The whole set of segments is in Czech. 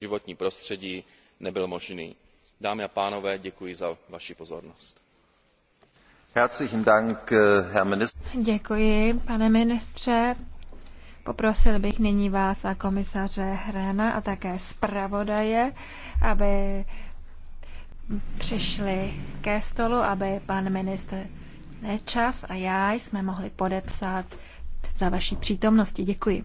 životní prostředí nebyl možný. dámy a pánové děkuji za vaši pozornost. Eh, děkuji, pane ministře. Poprosil bych nyní vás a komisaře Hrena a také zpravodaje, aby přišli ke stolu, aby pan ministr Nečas a já jsme mohli podepsat za vaší přítomnosti. Děkuji.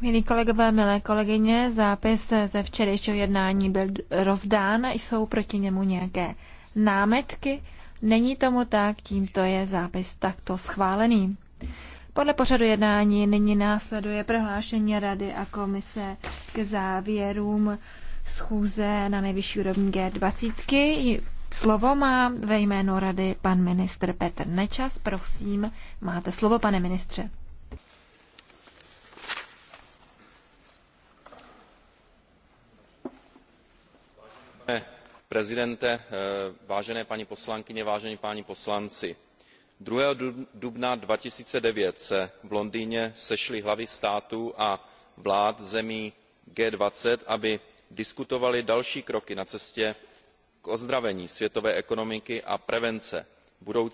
Milí kolegové, milé kolegyně, zápis ze včerejšího jednání byl rozdán, jsou proti němu nějaké námetky. Není tomu tak, tímto je zápis takto schválený. Podle pořadu jednání nyní následuje prohlášení Rady a komise k závěrům schůze na nejvyšší úrovni G20. Slovo má ve jménu rady pan ministr Petr Nečas. Prosím, máte slovo, pane ministře pane prezidente eh, vážené paní poslankyně vážení páni poslanci two dubna two thousand and nine se v londýně sešly hlavy států a vlád zemí g twenty aby diskutovaly další kroky na cestě k ozdravení světové ekonomiky a prevence budoucích krizí.